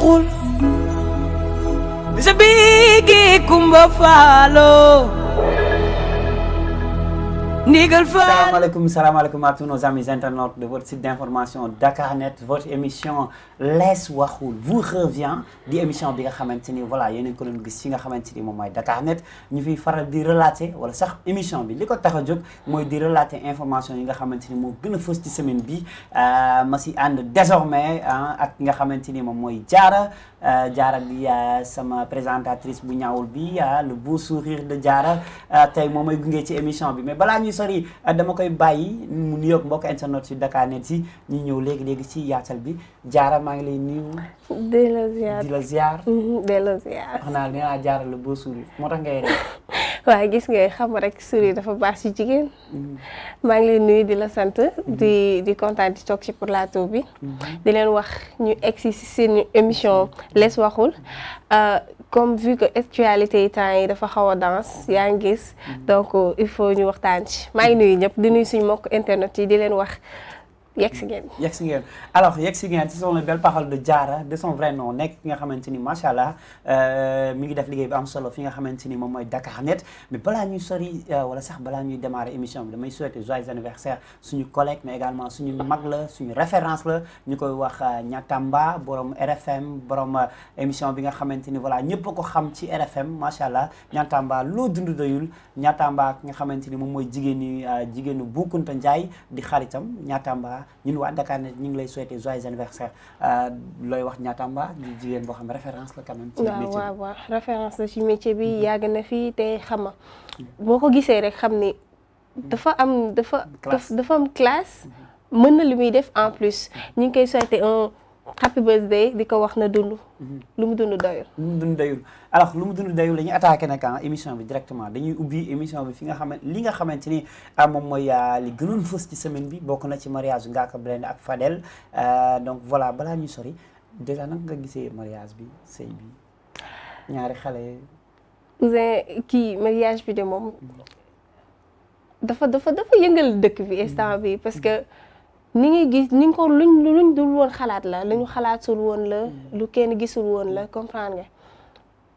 xul sa biigi kumba faalo Ndigal Fall salaamaaleykum salaamaaleykum à tous nos amis internautes de votre site d'information Dakarnet votre émission lees waxul vous revient di émission bi nga xamante ni voilà yéen a ko doon gis fi nga xamante ni moom mooy Dakarnet ñu fiy faral di relater wala sax émission bi li ko tax a jóg mooy di relater information yi nga xamante ni moo gën a fës ci semaine bi euh, ma si ànd désormais ak ki nga xamante ni moom mooy Diarra jaara euh, di euh, sama présentatrice bu ñaawul bii euh, le beau sourire de jaara tey moom may gunge ci émission bi mais balaa ñuy sori dama koy bàyyi mu nuyoog mbokk internet si Dakarnet si ñu ñëw léegi léegi ci yaatal bi jaara maa ngi lay nuyu. di la ziar di la ziar. di la ziar. wax moo tax waaw gis nga xam rek sourire dafa baax ci jigéen. maa ngi leen nuyu di la sant. di di kontaan di toog ci plateau bi. di leen wax ñu egsi si seen émission les waxul euh, comme vu que actualité yi temps yi dafa xaw a danse yaa ngi mm. donc euh, il faut ñu waxtaan ci maa ngi nuyu ñëpp di nuyu suñu mbokk internet yi di leen wax. yegg si ngeen yegg si ngeen alors yegg si ngeen ce sont les belles paroles de Diarra de son vrai nom nekk ki nga xamante ni macha allah euh, mu ngi def liggéey bu am solo fi nga xamante ni moom mooy Dakar Net mais ñuy sori euh, wala sax balaa ñuy démarrer émission bi damay souhaiter joyeux anniversaire suñu collègue mais également suñu mag la suñu référence la ñu koy wax Ñatamba euh, borom RFM borom émission bi nga xamante ni voilà ñëpp a xam ci RFM macha allah Ñatamba loo dund doyul Ñatamba ki nga xamante ni moom mooy jigéenu jigéenu Boukounta Ndiaye di xaritam Ñatamba ñun waa Dakar ne ñu ngi lay souhaiter joyeux anniversaire euh, looy wax Ndiatamba di jigéen boo xam ne référence la quand même. ci métier bi waaw waaw référence la ci mm-hmm. yàgg na fii te xama mm-hmm. boo ko gisee rek xam ni mm-hmm. dafa am dafa. dafa am classe. mën na lu muy def en plus ñu ngi koy souhaiter un. happy birthday di ko wax na dund. Mhm. lu mu dund dayul. lu mu dund dayul alors lu mu dund dayul la ñuy attaqué nag ah, émission bi directement dañuy ubbi émission bi fi nga xamante li nga xamante ni ah, moom mooy ah, li gënoon fës ci semaine bi bokk na ci mariage Ngaaka Blindé ak Fadel euh, donc voilà balaa ñuy sori déjà nag nga gisee mariage bi sëy bi ñaari xale. Ouzin kii mariage bi de moom. Mhm. dafa dafa dafa yëngal dëkk bi instant bi mhm. parce que. ni ngi gis ni nga ko luñ luñ dul woon xalaat la lu ñu xalaatul woon la mm-hmm. lu kenn gisul woon la comprendre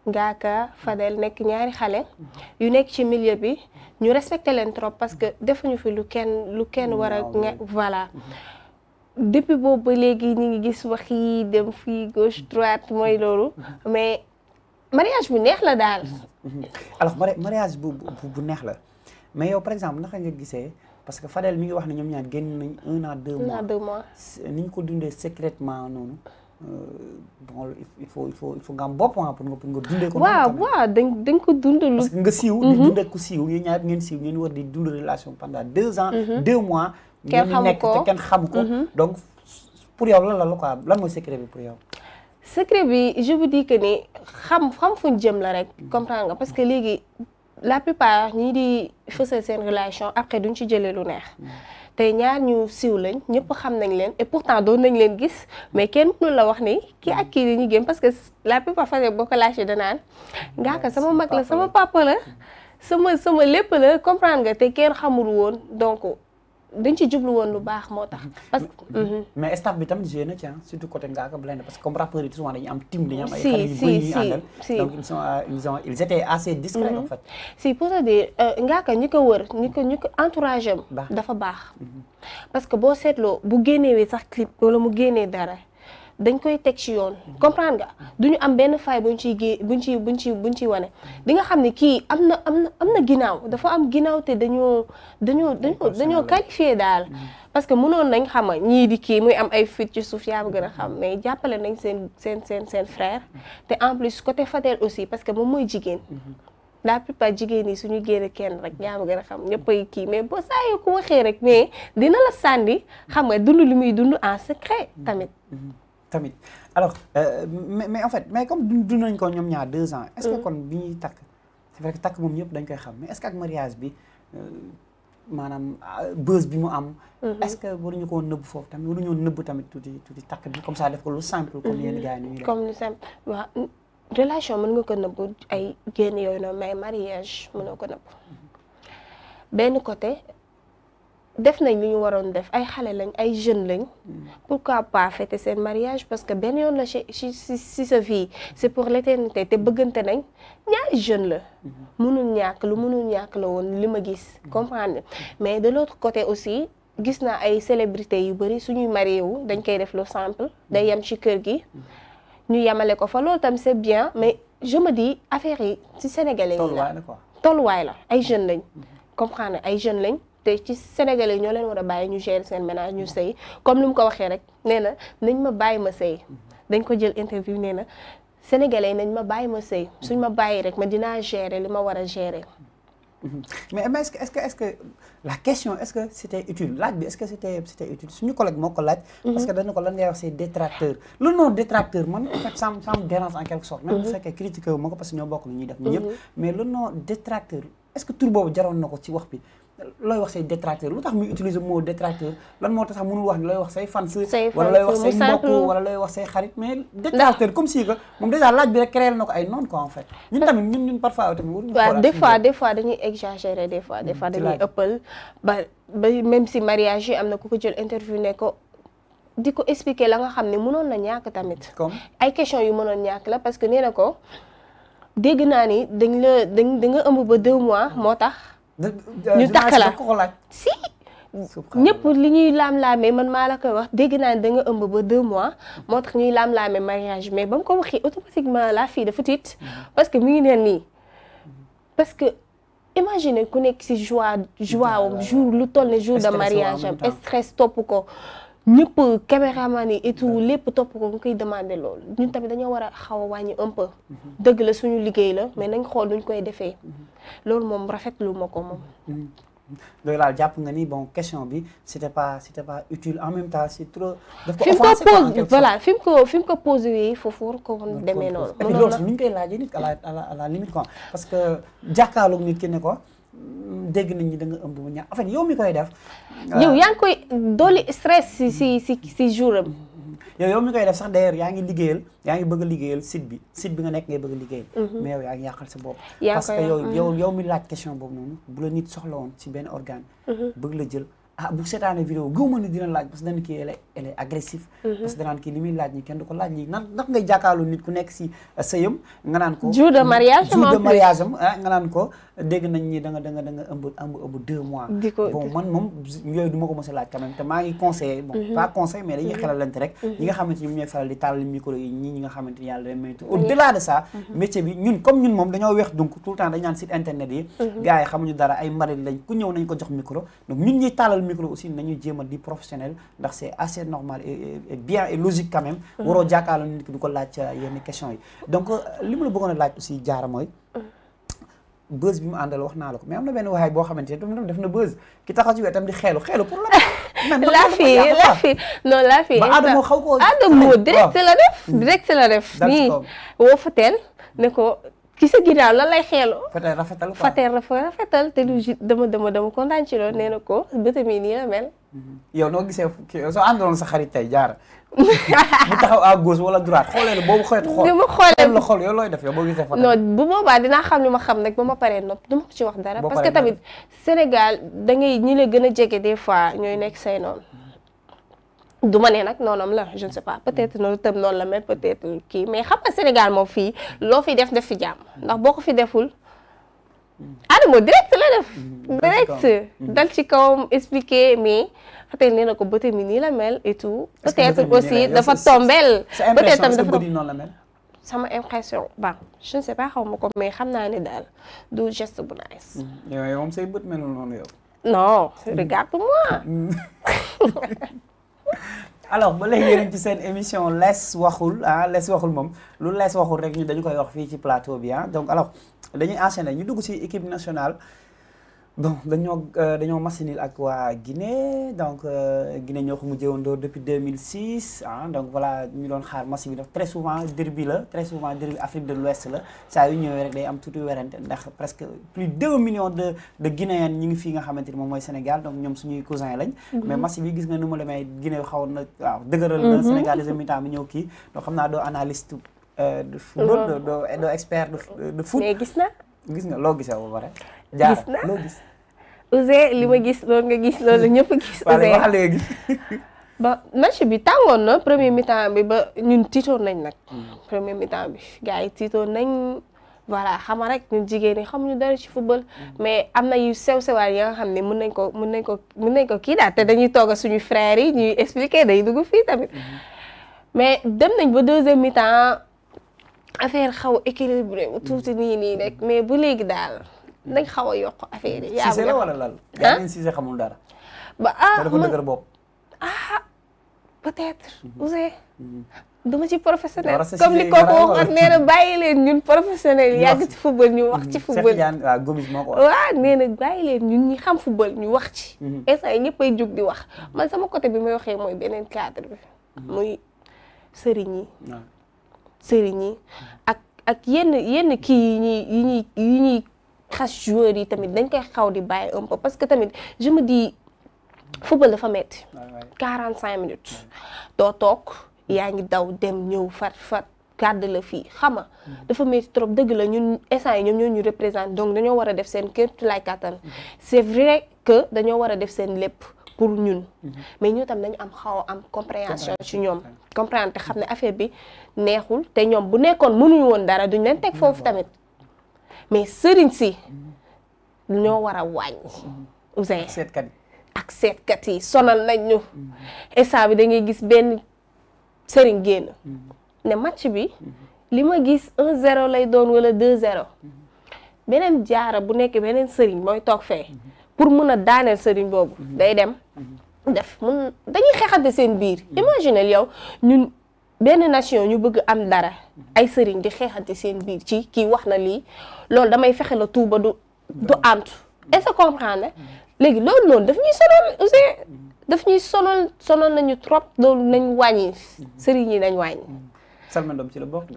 nga Ngaaka Fadel nekk ñaari xale yu nekk ci milieu bi ñu respecté leen trop parce que defuñu fi lu kenn lu kenn war a voilà mm-hmm. depuis boobu ba léegi ñu ngi gis wax yi dem fii gauche mm-hmm. droite mooy loolu mais mariage bu neex la daal alors mariage bu bu neex la mais yow par exemple naka nga gisee parce que Fadel mi ngi wax ne ñoom ñaar génn nañ un à deux mois un ñu ko dundee secrètement noonu euh, bon il faut il faut nga am bopp ah, pour nga pour nga dundee ko waaw waaw dañ dañ ko dund parce que nga siiw di mhm. dund ku siiw yéen ñaar ngeen siiw ngeen war di dund relation pendant deux ans mhm. deux mois ngeen kenn xamu ko mhm. donc pour yow lan la la quoi lan mooy secret bi pour yow secret bi je vous dis que ni xam xam fuñ jëm la rek comprends nga parce que léegi la plupart ñii di fësal seen relation après duñ ci jëlee lu neex tey ñaar ñu siw lañ ñëpp xam nañ leen et pourtant doon nañ leen gis mais kenn nu la wax ni kii ak kii dañuy gëm parce que la plupart fois boo ko lâché danaan ngaa ko sama mag la sama papa sama sama lépp la comprendre nga te kenn xamul woon donc. dañ ci jublu woon lu baax moo tax. Mhm. parce mhm. mais staff bi tamit gêné ci ah surtout côté Ngaaka Blindé parce que comme rappeurs yi souvent dañuy am team dañuy am ay xale yu bëri ñuy àndal donc ils sont euh, ils ont ils étaient assez discrets en mhm. euh, ñi ko wër ñi ko ñi ko entourage am. dafa baax. parce que boo seetloo bu génnewee sax clip wala mu génnee dara. dañ koy teg ci yoon comprendre nga duñu am benn faay buñ ciy gée buñ ci buñ ci buñ ciy wane di nga xam ne kii am na am na am na ginnaaw dafa am ginnaaw te dañoo dañoo dañoo dañoo qualifié daal mm. parce que mënoon nañ xama ñii di kii muy am ay fit ci suuf yaa gën a xam mais jàppale nañ seen seen seen seen frère te en plus côté Fadel aussi parce que moom mooy jigéen mm-hmm. la plupart jigéen yi suñu génn kenn rek yaa ma gën a xam ñëpp ay kii mais boo saa yoo ko waxee rek mais dina la sànni xam nga dund lu muy dund en secret tamit mm-hmm. tamit alors euh, mais mais en fait mais comme dund nañ ko ñoom ñaar deux ans. est mm. kon bi ñuy takk c'est vrai que takk moom ñëpp dañ koy xam mais est-ce que ak mariage bi euh, maanaam euh, buzz bi mu am. Mm-hmm. est-ce que waruñu koo nëbb foofu tamit waruñoo nëbb tamit tuuti tuuti takk bi comme ça def ko lu simple. comme yenn mm-hmm. gars yi ñu comme lu simple waaw relation mën nga ko nëbb ay génn yooyu noonu mais mariage mënoo ko nëbb mm-hmm. benn côté. def nañ lu ñu waroon def ay xale lañ ay jeunes lañ mm. pourquoi pas fêter seen mariage parce que benn yoon la ci ci ci sa vie c'est pour l'éternité te bëggante nañ ñaari jeune la mënul mm-hmm. ñàkk lu mënul ñàkk la woon li ma gis mm-hmm. comprendre mais de l'autre côté aussi gis naa ay célébrité yu bari suñuy marié wu dañ koy def lu simple day yem ci kër gi mm-hmm. ñu yemale ko fa loolu tam c'est bien mais je me dis affaire yi ci sénégalais yi la tolluwaay la ay jeunes lañ comprendre ay jeunes lañ te ci Sénégalais ñoo leen war a bàyyi ñu gérer seen ménage ñu sëy comme lu mu ko waxee rek nee na nañ ma bàyyi ma sëy dañ ko jël interview nee na Sénégalais nañ ma bàyyi ma sëy suñ ma bàyyi rek ma dinaa gérer li ma war a gérer. Mm-hmm. mais mais que est que la question est-ce que c'était utile laaj bi est-ce que c'était c'était utile suñu collègue moo ko laaj. Mm-hmm. parce que dañu ko lan ngay wax détracteur. le nom détracteur man en fait ça me en quelque sorte. même mm-hmm. ko parce que ñoo bokk est-ce que tur boobu jaroon na ko ci wax bi looy wax say détracteur lu tax muy utiliser mot détracteur lan moo tax sax mënul wax ni looy wax say fans wala looy wax say mbokk wala looy wax say si que moom déjà laaj bi rek créé na ko ay noon quoi en fait tamit ñun ñun parfois waaw des dañuy exagérer des mm, dañuy ëppal ba ba si mariage yi am na ku ko jël interview ne ko di ko expliquer la nga xam ne mënoon na ñàkk tamit ay question yu mënoon ñàkk la parce que nee na ko dégg naa ni dañ la da nga ëmb ba deux mois moo tax. ñu takk la si. ñëpp li ñuy laam-laamee man maa la koy wax dégg naa ne da nga ëmb ba deux mois moo tax ñuy laam-laamee mariage mais ba mu ko waxee automatiquement la fille dafa tiit mm-hmm. parce que mi ngi neen nii parce que imagine ku nekk si joie joie am jour lu tol ne jour de mariage am topp ko ñëpp caméraman yi et lépp topp ko nga koy demandé loolu ñun tamit dañoo war a xaw a wàññi un peu. Mhm. dëgg la suñu liggéey la mais mhm. nañ xool nuñ koy defee. Mhm. loolu moom rafetlu ma ko moom. doy laal jàpp nga ni bon question bi c'était pas c'était pas utile en même temps c'est trop. daf ko offensé ko en fi mu ko fi mu ko posé wii foofu demee noonu. mënoon na et ñu ngi koy laajee nit à la à la à la limite parce que jàkkaarloog nit ki ne ko. dégg nañ ni da nga ëmb bu ñaax en fait yow mi koy def. Euh, stress si si mm-hmm. si si jour am. Mm-hmm. yow yow mi koy def sax d'ailleurs yaa ngi liggéeyal yaa ngi bëgg a liggéeyal site bi site bi nga nekk ngay bëgg a liggéeyal. Mm-hmm. mais a yaa ngi yàqal sa bopp. parce que bu la nit si benn organe. bëgg la jël ah, bu seetaanee vidéo gëw ma ni dina laaj parce que dana kii elle est agressif. parce que danaan kii li laaj nii kenn du ko laaj lii nan ndax ngay nit ku nekk si euh, sëyam nga naan ko. jour de mariage am jour de ah, nga naan ko. dégg nañ ni da nga da nga da nga ëmb ëmb ëmb deux mois. di ko man moom yooyu du ma ko mos a laaj quand te maa ngi conseillé. Mhm. conseil mais dañuy mhm. xelalante rek. Mhm. ñi nga xamante ni ñoom ñooy faral di tàllal micro yi ni yàlla day maytu au delà de ça. métier bi ñun comme ñun moom dañoo weex donc tout le temps dañ naan site internet yi. gars yi xamuñu dara ay mari lañ ku ñëw nañ ko jox micro donc ñun ñuy tàllal micro aussi nañu jéem a di professionnel ndax c'est assez normal et bien et logique quand même. waroo jàkkaarloo nit ki ko laaj yenn question yi donc euh, li ma la bëggoon a mooy buzz bi mu àndal wax naa la ko mais am na benn waay boo xamante ne def na buzz ki taxaw ci wetam di xelu xeelu pour la. la fii la fii non la fii. ba Adama direct la def. direct la nii woo Fatel ne ko. ci sa ginnaaw lan lay xeelu. Fatel rafetal quoi Fatel rafetal te du dama dama dama kontaan ci loolu nee ko bëtam nii la mel. Mm-hmm. yow noo gisee soo àndaloon sa xarit tey jaar mu taxaw à gauche wala droite xoolee la boobu xoolee xool. dama xoolee la xool yow looy xam li ma xam nag ba ma paree nopp dama ko ci wax dara. parce que tamit Sénégal da ngay ñi la gën a jege des fois ñooy nekk say noon du ma ne nag noonam la je ne sais pas peut-être la mais peut-être kii mais xam nga Sénégal moom fii loo fi def def fi jàmm ndax boo ko fi deful. Mm. Adamo direct la def. Mm-hmm. direct mm-hmm. dal ci kawam expliquer mais. peut-être nee na ko bëtam yi nii la mel et tout. peut-être aussi dafa tombel peut-être tamit dafa noonu la sama impression ba je ne sais pas xaw ma ko mais xam naa ne daal du geste bu nice. Mm. yow yow moom say bët melul noonu yow. non mm. regarde-moi. Mm. alors ba léegi yéen ci seen émission les waxul ah lees waxul moom lu lees waxul rek ñu dañu koy wax fii ci plateau bi ah donc alors dañuy enchaîner ñu dugg ci équipe nationale. dañoo euh, masinil ak waa Guinée donc euh, Guinée ñoo ko mujjee woon door depuis 2006 ah donc voilà ñu doon xaar match bi def très souvent derby la très souvent derby Afrique de l'Ouest la saa yu ñëwee rek day am tuuti werante ndax presque plus de 2 millions de de Guinéens ñi ngi fii nga xamante ni moom mooy Sénégal donc ñoom suñuy cousin lañ. Mhm. mais match bi gis nga nu mu demee Guinée xawoon na waaw dëgëral na. Mhm. Sénégal deuxième mi-temps bi ñëw kii donc xam naa doo analyste euh, de football doo doo expert de foot. mais gis na gis nga loo gisee ba pare. gis Ouzin li ma gis loolu nga gis loolu ñëpp gis. Ouzin wax léegi. ba match bi tàngoon na premier mi-temps bi ba ñun tiitoon nañ nag. Mm. premier mi-temps bi gars yi tiitoon nañ. voilà xama rek ñun jigéen ñi xamuñu dara si football mm. mais am na yu sew sewaar ya nga xam ne mën nañ ko mën nañ ko mën nañ kii daal te dañuy toog suñu frères yi ñuy expliquer day dugg fii tamit mm-hmm. mais dem nañ ba deuxième mi-temps affaire xaw équilibré tuuti nii nii rek mm. mais bu léegi daal nañ xaw a yokk affaire yi. yaa la wala lal. yaa ngi Cissé xamul dara. ba ah, a man dëgër bopp. ah peut-être. Mhm. Ousseyn. Mhm. duma ci professionnel comme li kooku waxoon nee na bàyyi leen ñun professionnel yàgg ci football ñu wax ci mhm. football waaw gomis moo ko waaw nee na ñu wax ci instant yi ñëpp ay jóg di wax man sama côté bi may waxee mooy beneen cadre bi muy sëriñ yi sëriñ yi ak ak yenn yenn kii yi xas joueurs yi tamit dañ koy xaw di bàyyi un peu parce que tamit je me dis football dafa metti quarante cinq minutes doo toog yaa ngi daw dem ñëw fat fat gàdd la fii xama mm. dafa metti trop dëgg la ñun essan yi ñoom ñoo ñu représenté donc dañoo war a def seen képp lay kàttan mm-hmm. c'est vrai que dañoo war a def seen lépp pour ñun mm-hmm. mais ñu tam dañu am xaw am compréhension ci ñoom comprendre te xam ne affaire bi neexul te ñoom bu nekkoon mënuñu woon dara duñ leen teg foofu mm-hmm. tamit mais sëriñ si ñoo war a wàññi. Ousseyn ak seetkat yi ak seetkat yi sonal nañ ñu. instant bi da gis benn sëriñ génn. ne match bi li ma gis 1-0 lay doon wala 2-0 beneen jaara bu nekk beneen sëriñ mooy toog fe pour mun a daaneel sëriñ boobu day dem mhm. def mun dañuy xeexante seen biir mhm. imaginez yow ñun. benn nation ñu bëgg am dara ay sëriñ di xeexante seen biir ci kii wax na lii loolu damay fexe la tuuba du du antu est-ce que comprendre léegi loolu noonu daf ñuy sonal aussi daf ñuy sonal sonal nañu trop loolu nañ wàññi mm-hmm. sëriñ yi nañ wàññi. Mm-hmm. Salma Ndom ci la bokk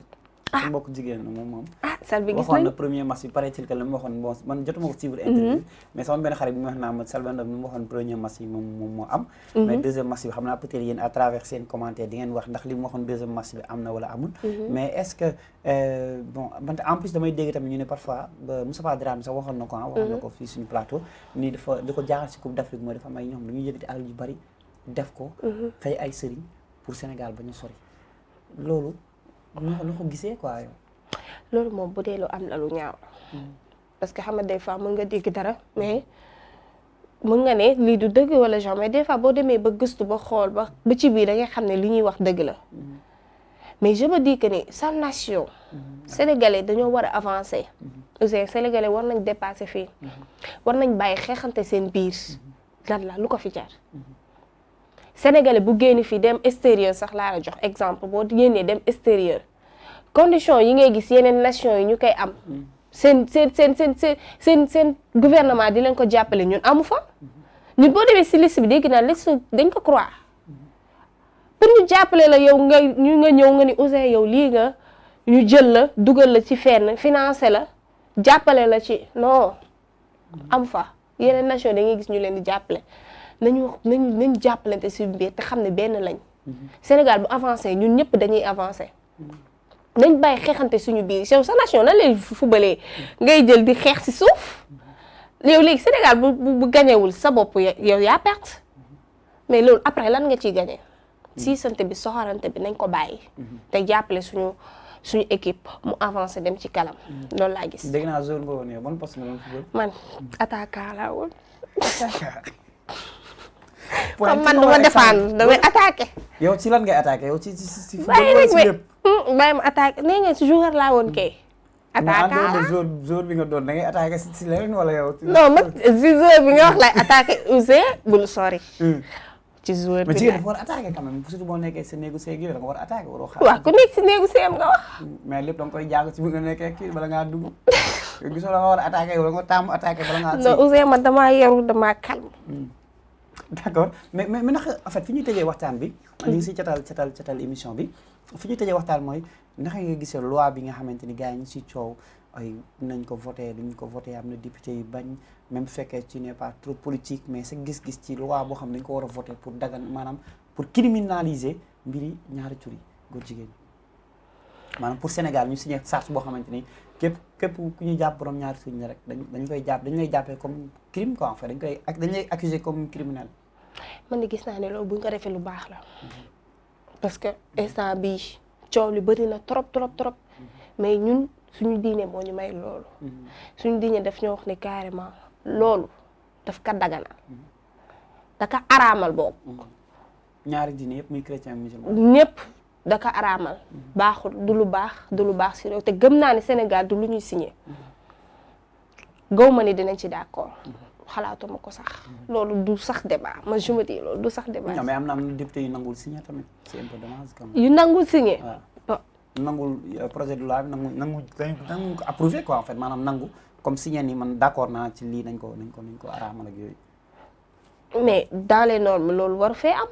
ah mbokk jigéen la moom moom. ah Selbé gis nañu waxoon na premier match bi paretil que la mu waxoon bon man jotuma ko suivre interview mm-hmm. mais sama benn xarit bi ma wax naa ma Selbé Ndom ni mu waxoon premier match yi moom moom moo am. Mm-hmm. mais deuxième match bi xam naa peut être yéen à travers seen commentaire di ngeen wax ndax li mu waxoon deuxième match bi am na wala amul. Mm-hmm. mais est ce que euh, bon man en plus damay dégg tamit ñu ne parfois ba euh, Moustapha Dramé sax waxoon na ko ah. waxoon na ko fii suñu plateau nii dafa li ko jaaxal si Coupe d' Afrique mooy dafa am ay ñoom dañuy yëkkati alal yu bari def ko. fay ay sëriñ pour Sénégal bañ a sori loolu noo mm-hmm. ko gisee quoi. loolu moom bu dee lu am la lu ñaaw. Mm-hmm. parce que xam nga des fois mën nga dégg dara mais mën nga ne lii du dëgg wala genre mais des fois boo demee ba gëstu ba xool ba ba ci biir da xam ne li ñuy wax dëgg la. Mm-hmm. mais je me que ni sa nation. sénégalais dañoo war a avancer. aussi sénégalais war nañ dépasser fii. war nañ bàyyi xeexante seen biir. lan la lu ko fi jaar. sénégalais bu génn fii dem extérieur sax laa la jox exemple boo génnee dem extérieur condition yi ngay gis yeneen nation yi ñu koy am seen seen seen seen seen seen seen gouvernement di leen ko jàppale ñun amu fa ñun boo si liste bi dégg na liste dañ ko croire pour ñu jàppale la yow nga ñu nga ñëw nga ni Ouzin yow lii nga yu jël la dugal la ci fenn financé la jàppale la ci non am fa yeneen nation da ngay gis ñu leen di jàppale nañu nañu nañu jàppalante suñu biir te xam ne benn lañ. Sénégal bu avancé ñun ñëpp dañuy avancé. nañ bàyyi xeexante suñu biir yow sa nation nan lay fubalee ngay jël di xeex si suuf yow léegi Sénégal bu bu gañewul sa bopp yow yaa perte mais loolu après lan nga ciy gañe siisante bi soxarante bi nañ ko bàyyi. te jàppale suñu suñu équipe mu avancé dem ci kanam. loolu laa gis. dégg naa zone boobu ban poste nga doon man attaquant laa comme man du ma defaan damay attaqué. yow ci lan ngay attaqué yow ci ci ci. bàyyi nañ ma mm, bàyyi ma attaqué nee woon kay. Mm. attaqué bi nga doon da ngay attaqué si si leneen wala yow. non man si joueur bi lay attaqué Ouzin bul sori. Mm. ci joueur war a nga war a attaqué waroo xaar. si néegu seeg nga wax. mais lépp da nga koy jàng ci war a taamu attaqué bala ngaa. non Ouzin man damaa damaa calme. d' accord mais mais ndax a fait fi ñuy tëjee waxtaan bi. ñu ngi si catal catal catal émission bi fi ñuy tëjee waxtaan mooy naka nga gisee loi bi nga xamante ni gaa yi ñu si coow nañ ko voté ñu ko voté am na député yu bañ même fekkee ci n'est pas trop politique mais sa gis-gis ci loi boo xam ne dañ ko war a voté pour dagan maanaam pour criminaliser mbiri ñaari tur yi góor jigéen maanaam pour Sénégal ñu signé charte boo xamante ni képp képp ku ñuy jàpp borom ñaari suñ ne rek dañ koy jàpp dañ jàppee comme crime quoi en fait dañ koy dañ lay accuser comme criminel man de gis naa ne loolu bu ñu ko defee lu baax la mm-hmm. parce que instant bi coow li bëri na trop trop trop mm-hmm. mais ñun suñu diine moo ñu may loolu mm-hmm. suñu diine daf ñoo wax ne carrément loolu daf ka dagana daka araamal boobu ñaari diine yëpp muy chrétien musulman ñëpp daka ko araamal baaxul du lu baax du lu baax si réew te gëm naa ne Sénégal du lu ñuy signé gaw ma ni dinañ ci d'accord xalaatuma ko sax loolu du sax débat ma je me loolu du sax débat. non am na député yu nangul signé tamit c'est un peu dommage yu nangul signé. nangul euh, projet de loi bi nangu nangu nangu ko approuvé quoi en fait maanaam nangu comme signé ni man d'accord naa ci lii nañ ko nañ ko nañ ko araamal ak yooyu. mais dans noon normes loolu waru fee am.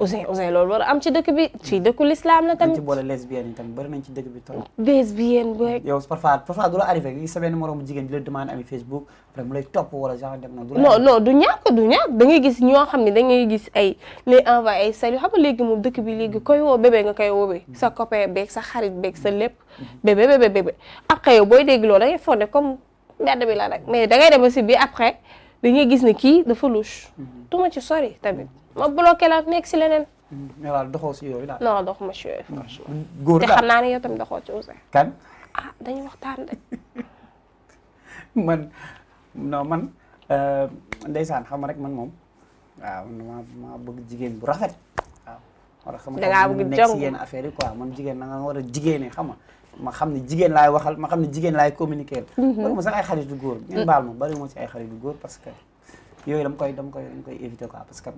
Ouzin Ouzin loolu war am ci dëkk bi ci dëkku l'islam la tamit. ci boole lesbienne yi tamit bëri nañ ci dëkk bi trop. lesbienne beeg. yow parfois parfois du la arrivé gis sa benn moromu jigéen di la demande ami Facebook après na. du non non du ñàkk du ñàkk da ngay gis ñoo xam ne da ngay gis ay les envoyé ay salut xam nga léegi moom dëkk bi léegi koy woo bébé nga koy woowee. Mm-hmm. sa copain beeg sa xarit beeg sa lépp. Mm-hmm. bébé bébé bébé après yow booy dégg loolu da ngay fonde comme mbedd bi la rek mais da ngay dem aussi bi après. dañuy gis ne kii dafa louche. Mhm. du ma ci sori tamit ma bloqué la nekk si leneen. mais mhm. waaw doxoo si yooyu daal. non doxuma si yooyu franchement. góor daal xam naa rek. Ah, man non man euh, ndeysaan xam man moom ma ma jigéen bu rafet. waaw war a xam da ngaa bëgg jàng nekk si man jigéen da war jigéene xam ma xam ne jigéen laay waxal ma xam ne jigéen laay communiquer bari mhm. ma sax ay xaritu góor mhm. que yooyu dama koy dama koy dama koy éviter quoi parce que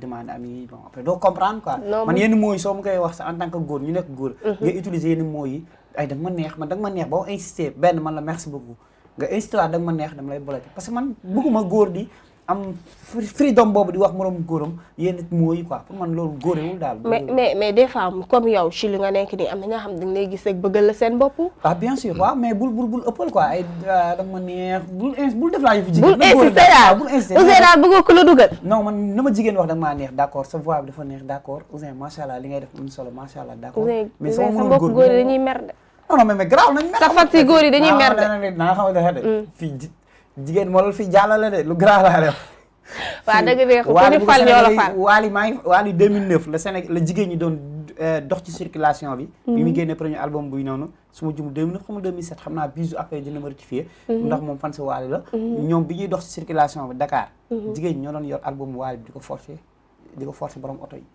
demande am yi bon après doo comprendre quoi man yenn mots yi soo ma koy wax sax en ñu nekk góor mhm. nga utiliser yenn mots yi danga ma neex man danga ma neex boo insister benn man la merci beaucoup nga insister da nga ma neex dama lay parce que man bëgguma góor di am freedom boobu di wax moroom góoram yéen it mooy quoi man loolu góorewul daal. mais mais mais des fois comme yow ci li nga nekk nii am na nga xam dañ lay gis ak bëggal la seen bopp. ah bien sûr waaw mais bul bul bul ëppal quoi ay ah, dama neex bul def laa yëfu jigéen. bul insister daal bul daal Ouzin daal bëggoo la dugal. non ma jigéen wax da nga neex d' sa voix bi neex d' accord Ouzin macha allah li ngay def am solo macha allah d' accord. mais soo mënoon góor dañuy mer de. non non jigéen moo la fi jàllale de lu grand laa def. waa dëgg neexu ku ñu fal ñoo la fal waali maa ngi waali 2009 la Sénégal la jigéen ñi doon euh, dox ci circulation bi. bi mu mhm. génnee premier album buy noonu su ma jum 2009 xam nga 2007 xam naa bisu après dina ma mhm. ndax moom fan si waali la. Mhm. ñoom bi ñuy dox ci circulation bi dakaar jigéen ñoo doon yor album waali bi di ko forcer di ko forcer borom oto yi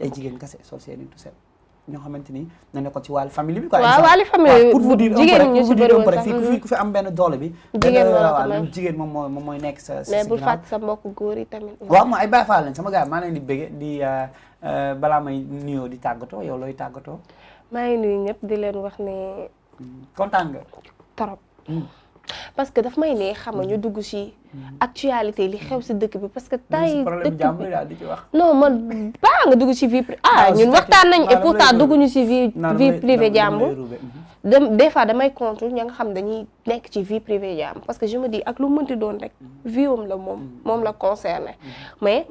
ay jigéen kese sol seen i tout ñoo xamante ni na nekkoon ci wàllu famille bi quoi. waaw wàllu famille pour vous dire jigéen ñi si bëriwul ku fi mm-hmm. ku fi am benn doole bi. jigéen moom mooy moom mooy nekk sa. mais bul fàtte sa mbokk góor yi tamit. waaw ma ay Baay Faal lañ sama gars maa leen di bëgge di euh, euh, balaa may nuyoo di tàggatoo yow looy tàggatoo. maa ngi nuyu di leen wax ne. Mm, kontaan nga. trop. Mm. parce que dafa may ne xam nga ñu dugg ci actualité li xew si dëkk bi parce que tay dëkk bi non man baa nga dugg ci vie ah ñun waxtaan nañ et pourtant dugguñu ci vie vie privée jàmbur mhm. dem des fois damay contre ña nga xam dañuy nekk ci vie privée jàmbur parce que je me dis ak lu mënti doon rek mhm. vie la moom mhm. moom la concerné mais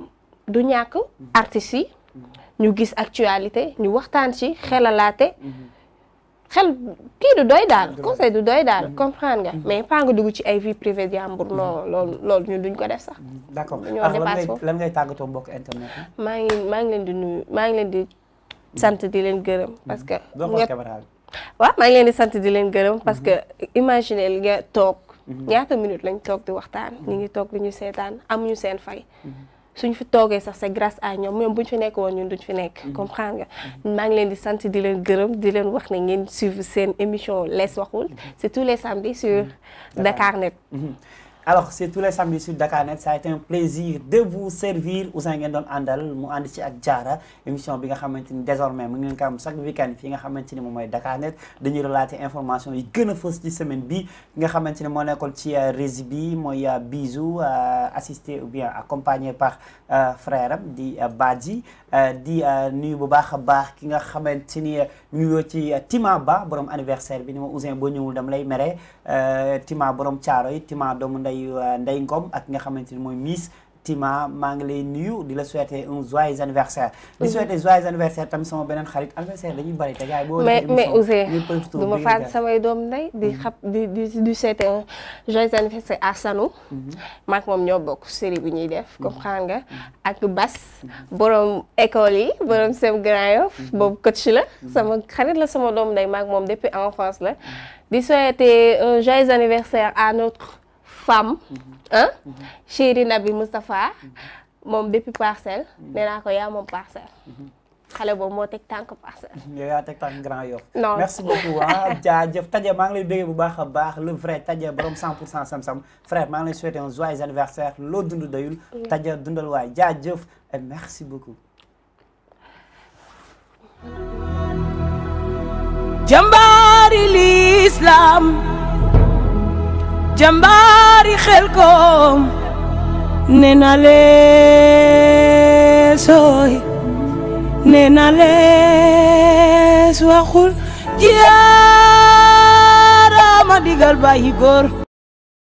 du ñàkk artistes yi ñu gis actualité ñu waxtaan ci xelalaate xel kii du doy daal conseil du doy daal comprend nga mais pas nga dugg ci ay vie privée jàmbur non loolu ñun duñ ko def sax. d'accord ñoo dépassé foofu lan ngay tàggatoo mbokk internet maa ngi maa ngi leen di nuyu maa ngi leen di sant di leen gërëm mm-hmm. parce que. waaw maa ngi leen di sant di leen gërëm parce que mm-hmm. imaginer li nga toog. Mm-hmm. ñaata minute lañ toog di waxtaan. ñu ngi toog di ñu seetaan amuñu seen fay. su suñ fi toogee sax c'est grâce à ñoom ñoom buñ fi nekk woon ñun duñ fi nekk. Mm-hmm. comprendre nga mm-hmm. maa ngi leen di sant di leen gërëm di leen wax ne ngeen su seen émission lees waxul mm-hmm. c'est tous les samedis sur Dakarnet. alors c'est tous les samedis sur Dakarnet ça a été un plaisir de vous servir Ouzin ngeen doon àndal mu ànd ci ak jaara émission bi nga xamante ni désormais mu ngeen ko am chaque week-end fii nga xamante ni moom mooy Dakarnet dañuy relater information yi gën a fës ci semaine bi nga xamante ni moo nekkoon ci euh, régie bi mooy euh, Bisou euh, assisté ou bien accompagné par frère am di Badji Euh, di euh, nuyu bu baax a baax ki nga xamante ni ñu euh, ngi ci Tima Ba borom anniversaire bi ni ma Ousin boo ñëwul dama lay mere Tima borom caaro yi Tima doomu nday nday Ngom ak ki nga xamante ni mooy Miss Tima maa ngi lay nuyu di la souhaiter un joyeux anniversaire. di mhm. souhaiter joyeux anniversaire tamit sama beneen xarit anniversaire dañuy bari te gars yi boo. mais mais Ouzin du ma faat samay doom ndey di mhm. xap di di di souhaiter un joyeux anniversaire à Sanou. Mhm. maak moom ñoo bokk série bi ñuy def. comme xam nga ak Bas. borom école yi borom sem Grand Yoff. boobu coach la. sama xarit la sama doom ndey maak moom depuis enfance la. di souhaiter un joyeux anniversaire à notre femme. ah chéri Nabi Moustapha moom depuis parcelle mm-hmm. nee naa ko yaa moom parcelle mm-hmm. xale boobu moo teg tànk parcelle. yow yaa teg tànk Grand Yoff. merci beaucoup ah, jaajëf Tadia maa ngi lay bëggee bu baax a baax le vrai Tadia borom 100 pour cent Sam Sam frère maa ngi lay souhaiter un anniversaire loo dund dayul. Tadia dundal waay jaajëf et merci beaucoup. jàmbaari l'islam. jàmbaari Xelcom nee na lees ooy nee na lees waxul jaarama digal bàyyi góor